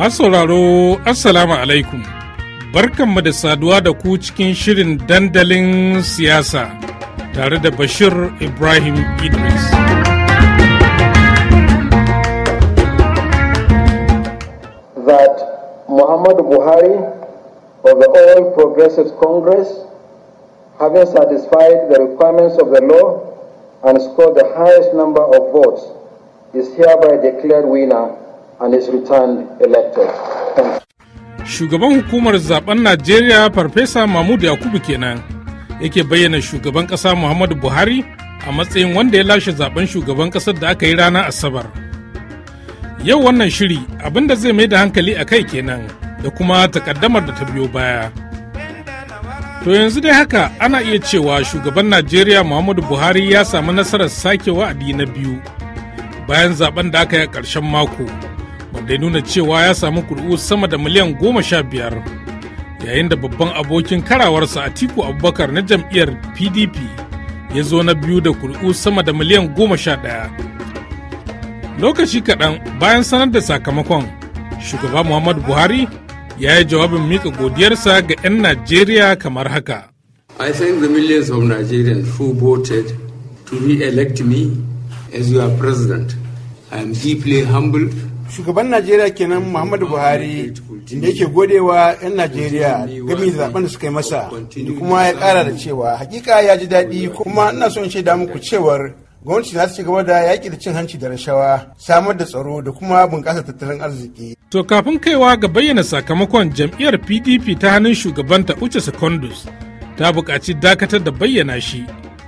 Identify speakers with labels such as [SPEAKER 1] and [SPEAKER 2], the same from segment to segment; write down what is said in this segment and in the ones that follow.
[SPEAKER 1] Masu sauraro Assalamu alaikum barkanmu da saduwa da ku cikin shirin dandalin siyasa tare da Bashir Ibrahim Idris.
[SPEAKER 2] That Muhammadu
[SPEAKER 3] Buhari of the All Progressive Congress, having satisfied the requirements of the law and scored the highest number of votes,
[SPEAKER 2] is hereby declared winner and is returned elected.
[SPEAKER 1] Shugaban hukumar zaben Najeriya Farfesa Mahmud Yakubu kenan yake bayyana shugaban ƙasa Muhammadu Buhari a matsayin wanda ya lashe zaben shugaban ƙasar da aka yi ranar Asabar. Yau wannan shiri abinda zai mai da hankali a kai kenan da kuma takaddamar da ta biyo baya. To yanzu dai haka ana iya cewa shugaban Najeriya Muhammadu Buhari ya samu nasarar sakewa wa'adi biyu bayan zaben da aka yi a ƙarshen mako. da ya nuna cewa ya samu kuri'u sama da miliyan goma sha biyar yayin da babban abokin karawarsa atiku abubakar na jam'iyyar pdp ya zo na biyu da kuri'u sama da miliyan goma sha ɗaya lokaci kaɗan bayan sanar da sakamakon shugaba muhammadu buhari ya yi jawabin mika godiyarsa ga 'yan najeriya kamar haka i thank the millions of nigerians who voted to re-elect me as your president
[SPEAKER 3] i am deeply humbled shugaban najeriya kenan muhammadu buhari da yake godewa 'yan najeriya gami da zaben da suka yi masa da kuma ya kara da cewa hakika ya ji daɗi kuma ina son shaida muku cewar gwamnati za su ci gaba da yaƙi da cin hanci da rashawa samar da tsaro da kuma bunƙasa tattalin arziki.
[SPEAKER 1] to kafin kaiwa ga bayyana sakamakon jam'iyyar pdp ta hannun shugabanta uche secondus ta buƙaci dakatar da bayyana shi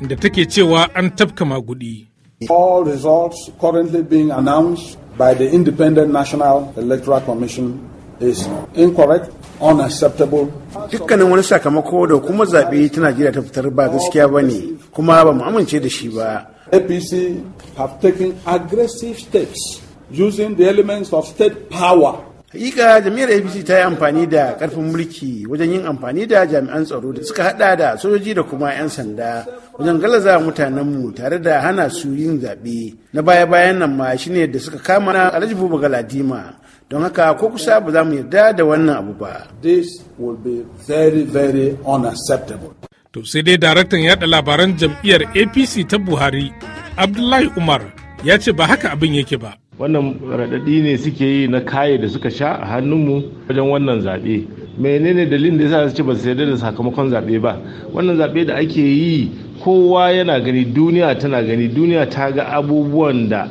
[SPEAKER 1] inda take cewa an tafka magudi.
[SPEAKER 3] all results currently being announced by the Independent National Electoral Commission is incorrect, unacceptable. Dukkanin wani sakamako da kuma zaɓe ta Najeriya ta fitar ba gaskiya ba ne, kuma ba mu amince da shi ba. APC have taken aggressive steps using the elements of state power hakika jami'ar apc ta yi amfani da karfin mulki wajen yin amfani da jami'an tsaro da suka hada da sojoji da kuma 'yan sanda wajen galaza mutanenmu tare da hana su yin zaɓe na baya-bayan nan ma shine da suka kama na alhaji buba galadima don haka ko kusa ba za mu yarda da wannan abu ba this will be very very unacceptable
[SPEAKER 1] to sai dai daraktan yada labaran jam'iyyar apc ta buhari abdullahi umar ya ce ba haka abin yake ba
[SPEAKER 3] wannan raɗaɗi ne suke yi na kaye da suka sha a hannunmu wajen wannan zaɓe menene dalilin da ya sa su ce ba su yarda da sakamakon zaɓe ba wannan zaɓe da ake yi kowa yana gani duniya tana gani duniya ta ga abubuwan da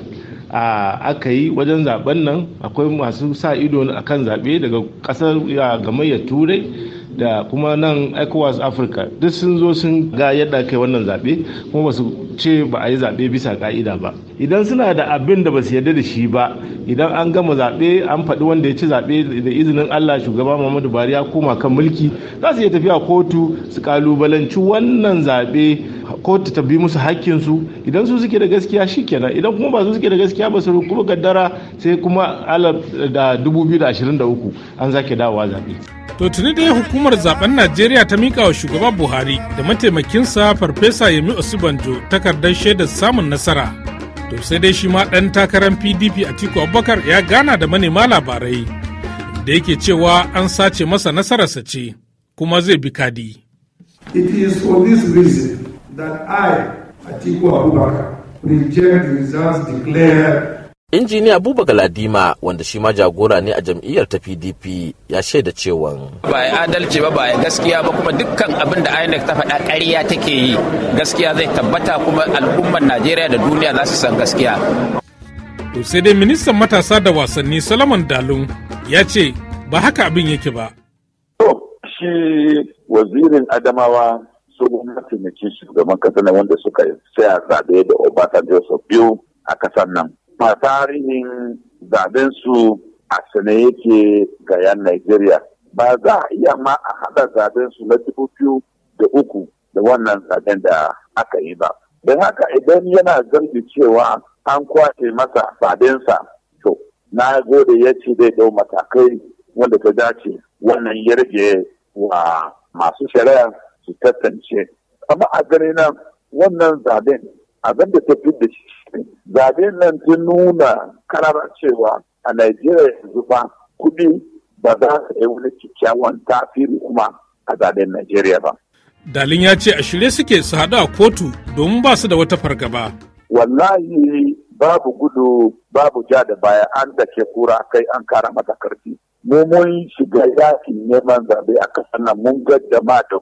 [SPEAKER 3] aka yi wajen zaɓen nan akwai masu sa ido a kan zaɓe daga ƙasar gamayyar turai da kuma nan ecowas africa duk sun zo sun ga yadda kai wannan zaɓe kuma ba su ce ba a yi zaɓe bisa ka'ida ba idan suna da abin da ba su yarda da shi ba idan an gama zaɓe an faɗi wanda ya ci zaɓe da izinin allah shugaba muhammadu buhari ya koma kan mulki za su iya tafiya kotu su kalubalanci wannan zaɓe kotu ta bi musu hakkinsu idan su suke da gaskiya shikenan idan kuma ba su suke da gaskiya ba su kuma gaddara sai kuma alaf da 2023 an zake dawowa zaɓe.
[SPEAKER 1] To tuni dai hukumar zaben Najeriya ta mika wa shugaba Buhari da mataimakinsa Farfesa Yemi Osibanjo takardar shaidar samun nasara. To sai dai shi ma ɗan takarar PDP Atiku Abubakar ya gana da manema labarai da yake cewa an sace masa nasararsa ce kuma zai bi kadi.
[SPEAKER 3] It is for this reason that I, Atiku Abubakar, reject the results
[SPEAKER 2] injiniya buba galadima wanda shi ma jagora ne a jam'iyyar ta pdp ya shaida cewa
[SPEAKER 3] ba ya adalci ba ba ya gaskiya ba kuma dukkan abin da inec ta faɗa ƙarya take yi gaskiya zai tabbata kuma al'ummar najeriya da duniya za su san gaskiya
[SPEAKER 1] to sai dai ministan matasa da wasanni salaman dalun ya ce ba haka abin yake ba
[SPEAKER 2] to shi wazirin adamawa su gwamnati ne shugaban kasa na wanda suka tsaya zaɓe da obasanjo sau biyu a kasar nan ma tarihin zaben su a sane yake ga 'yan Najeriya. Ba za a iya ma a haɗa zaben su na dubu biyu da uku da wannan zaben da aka yi ba. Don haka idan yana zargi cewa an kwace masa zabensa to na gode ya ce zai ɗau matakai wanda ta dace wannan ya rage wa masu shari'a su tattance. Amma a gani nan wannan zaben. abin da ta da shi zabe nan ta nuna karara cewa a Najeriya yanzu ba kuɗi ba za su yi wani kyakkyawan tafiri kuma a zaben Najeriya ba.
[SPEAKER 1] Dalin ya ce a shirye suke su haɗu a kotu domin ba su da wata fargaba. Wallahi babu gudu
[SPEAKER 2] babu ja da baya an da ke kura kai an kara mata karfi.
[SPEAKER 1] Mu mun
[SPEAKER 2] shiga yakin neman zabe a kasan nan mun ga da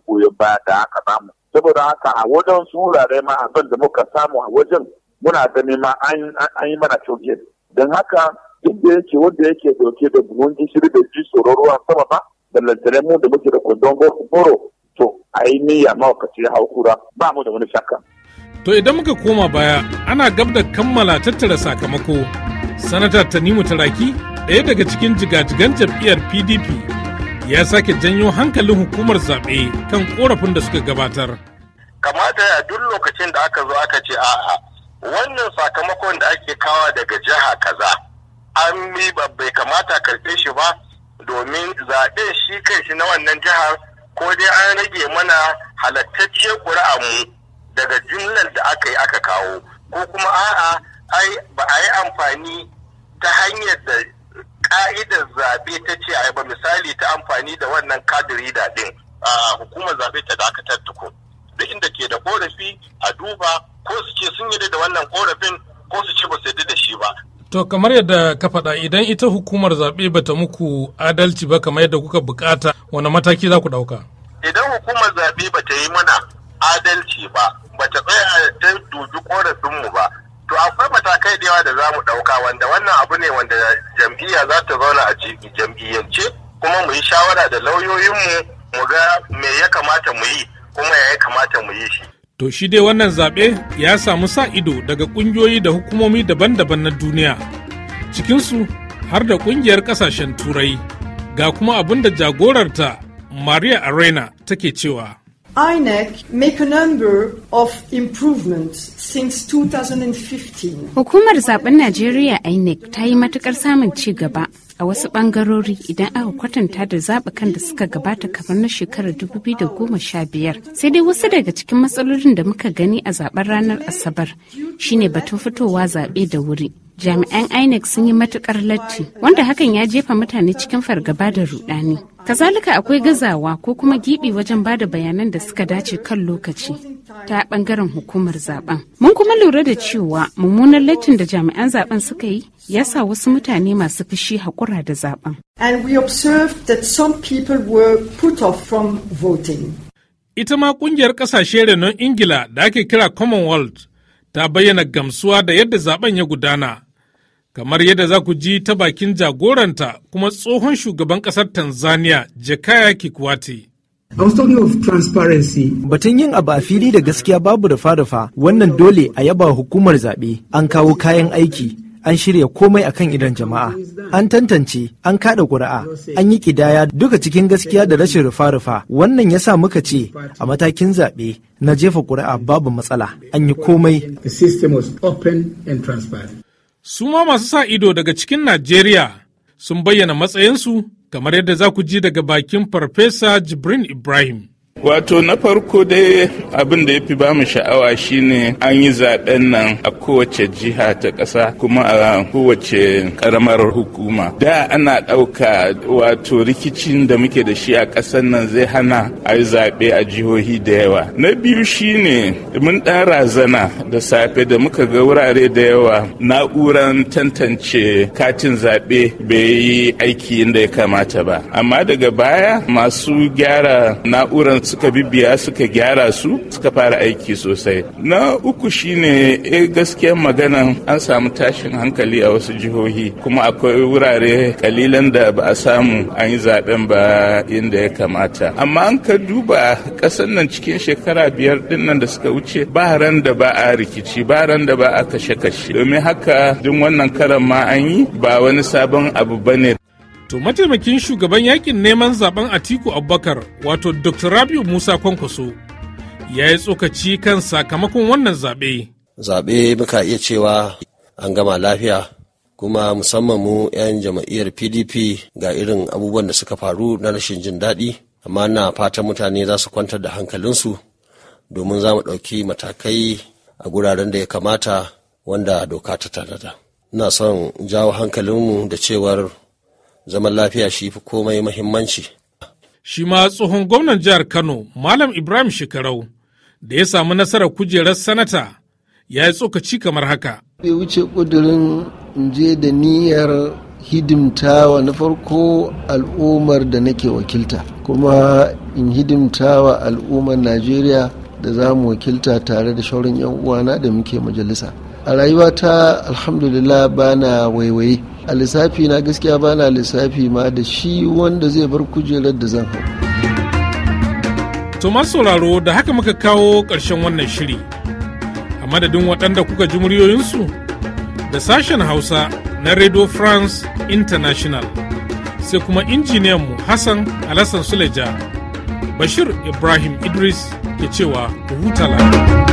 [SPEAKER 2] goyon baya da haka zamu saboda haka a wajen wurare ma abin da muka samu a wajen muna gani ma an yi mana coge don haka duk da yake wanda yake dauke da buhun gishiri da ji tsoron ruwa sama ba da lantarai mu da muke da kundin goro to a yi niyya mawakaci ya hau kura ba mu
[SPEAKER 1] da wani shakka. To idan muka koma baya ana gab da kammala tattara sakamako. Sanata Tanimu Taraki ɗaya daga cikin jigajigan jam'iyyar PDP ya sake janyo hankalin hukumar zaɓe kan korafin da suka gabatar. Kamata
[SPEAKER 2] a duk lokacin da aka zo aka ce a'a wannan sakamakon da ake kawa daga jiha kaza an mi bai kamata karɓe shi ba domin zaɓe shi kai shi na wannan jihar ko dai an rage mana halattacciyar mu daga jumlar da aka yi aka kawo ko kuma a'a ba a yi amfani ta hanyar da ka'idar zaɓe ta ce a ba misali ta amfani da wannan kadiri da ɗin hukumar zaɓe ta dakatar tuku duk inda ke da korafi a duba ko su ce sun yarda da wannan korafin ko su ce ba su yarda da shi ba.
[SPEAKER 1] To kamar yadda ka faɗa idan ita hukumar zaɓe ta muku adalci ba kamar yadda kuka bukata wani mataki za ku ɗauka?
[SPEAKER 2] Idan hukumar zaɓe ta yi mana adalci ba ba ta tsaya ta dubi korafinmu ba to akwai matakai da yawa da za mu ɗauka wanda wannan abu ne wanda jam'iyya za ta zauna a jam'iyyance kuma mu yi shawara da lauyoyinmu mu ga me ya kamata mu yi kuma ya kamata mu yi shi.
[SPEAKER 1] To shi dai wannan zaɓe ya samu sa ido daga ƙungiyoyi da hukumomi daban-daban na duniya cikinsu har da ƙungiyar ƙasashen turai ga kuma abin da jagorarta Maria Arena take cewa.
[SPEAKER 3] INEC make a number of improvements since 2015.
[SPEAKER 1] Hukumar zaben Najeriya INEC ta yi matukar samun ci gaba a wasu bangarori idan aka kwatanta da zabukan
[SPEAKER 3] da suka gabata kamar na shekarar 2015 sai dai wasu daga cikin matsalolin da
[SPEAKER 1] muka gani a zaben ranar asabar shine batun fitowa zaɓe da wuri jami'an inec sun yi matukar latti wanda hakan ya jefa mutane cikin fargaba da rudani
[SPEAKER 3] kazalika akwai gazawa ko kuma gibi wajen bada bayanan da suka dace kan lokaci ta
[SPEAKER 1] bangaren hukumar zaben mun kuma lura da cewa mummunan lattin da jami'an zaben suka yi ya sa wasu mutane masu fushi haƙura da zaben
[SPEAKER 3] and we observed that some people were put off from voting
[SPEAKER 1] ita ma kungiyar kasashe renon ingila da ake kira commonwealth ta bayyana gamsuwa da yadda zaben ya gudana kamar yadda za ku ji ta bakin jagoranta kuma tsohon shugaban ƙasar tanzania jakaya kikwati
[SPEAKER 3] Batun yin abu a fili da gaskiya babu rufa-rufa wannan dole a yaba hukumar zaɓe an kawo kayan aiki an shirya
[SPEAKER 1] komai akan idan jama'a an tantance an kada ƙuri'a an yi kidaya duka cikin gaskiya da rashin rufa-rufa wannan ya sa muka ce a matakin zaɓe na jefa ƙuri'a babu matsala an yi komai Su ma masu sa ido daga cikin Najeriya sun bayyana matsayinsu kamar yadda za ku ji daga bakin Farfesa Jibrin Ibrahim. Wato na farko dai abin da ya fi bamu
[SPEAKER 3] sha'awa shine an yi zaben nan a kowace jiha ta ƙasa kuma a kowace ƙaramar hukuma. Da ana ɗauka wato rikicin da muke da shi a ƙasar nan zai hana a yi zaɓe a jihohi da yawa. Na biyu shine mun ɗan razana da safe da muka ga wurare da yawa na'uran tantance katin zaɓe bai yi aiki inda ya kamata ba. Amma daga baya masu gyara na'uran kuma suka bibiya suka gyara su suka fara aiki sosai na uku shine e gaskiyar magana an samu tashin hankali a wasu jihohi kuma akwai wurare kalilan da ba a samu an yi zaben ba inda ya kamata amma an ka duba kasan nan cikin shekara biyar din nan da suka wuce ba ran da ba a rikici ba ran da ba a kashe-kashe domin haka duk wannan karan ma an yi ba wani sabon abu bane
[SPEAKER 1] To mataimakin shugaban yakin neman zaben Atiku Abubakar wato Dr. Rabiu Musa Kwankwaso ya yi tsokaci kan sakamakon wannan zaɓe.
[SPEAKER 2] Zaɓe muka iya cewa an gama lafiya kuma musamman mu 'yan jama'iyyar PDP ga irin abubuwan da suka faru na rashin jin daɗi amma na fatan mutane za su kwantar da hankalinsu domin za mu ɗauki matakai a guraren da ya kamata wanda doka ta tanada. Ina son jawo hankalinmu da cewar zaman lafiya shi fi komai muhimmanci.
[SPEAKER 1] Shi ma tsohon gwamnan jihar Kano, Malam Ibrahim Shekarau, da ya samu nasarar kujerar sanata ya yi tsokaci kamar haka.
[SPEAKER 2] Bai wuce ƙudurin je da niyyar hidimtawa na farko al'ummar da nake wakilta, kuma in hidimtawa al'ummar Najeriya da za mu wakilta tare da shaurin 'yan uwana da muke majalisa. A rayuwata alhamdulillah bana waiwaye. a lissafi na gaskiya ba na lissafi ma da shi wanda zai bar kujerar da
[SPEAKER 1] zan hau. to masu sauraro da haka muka kawo ƙarshen wannan shiri a madadin waɗanda kuka ji muryoyinsu da sashen hausa na radio france international sai kuma mu hassan alassan suleja bashir ibrahim idris ke cewa huta lafiya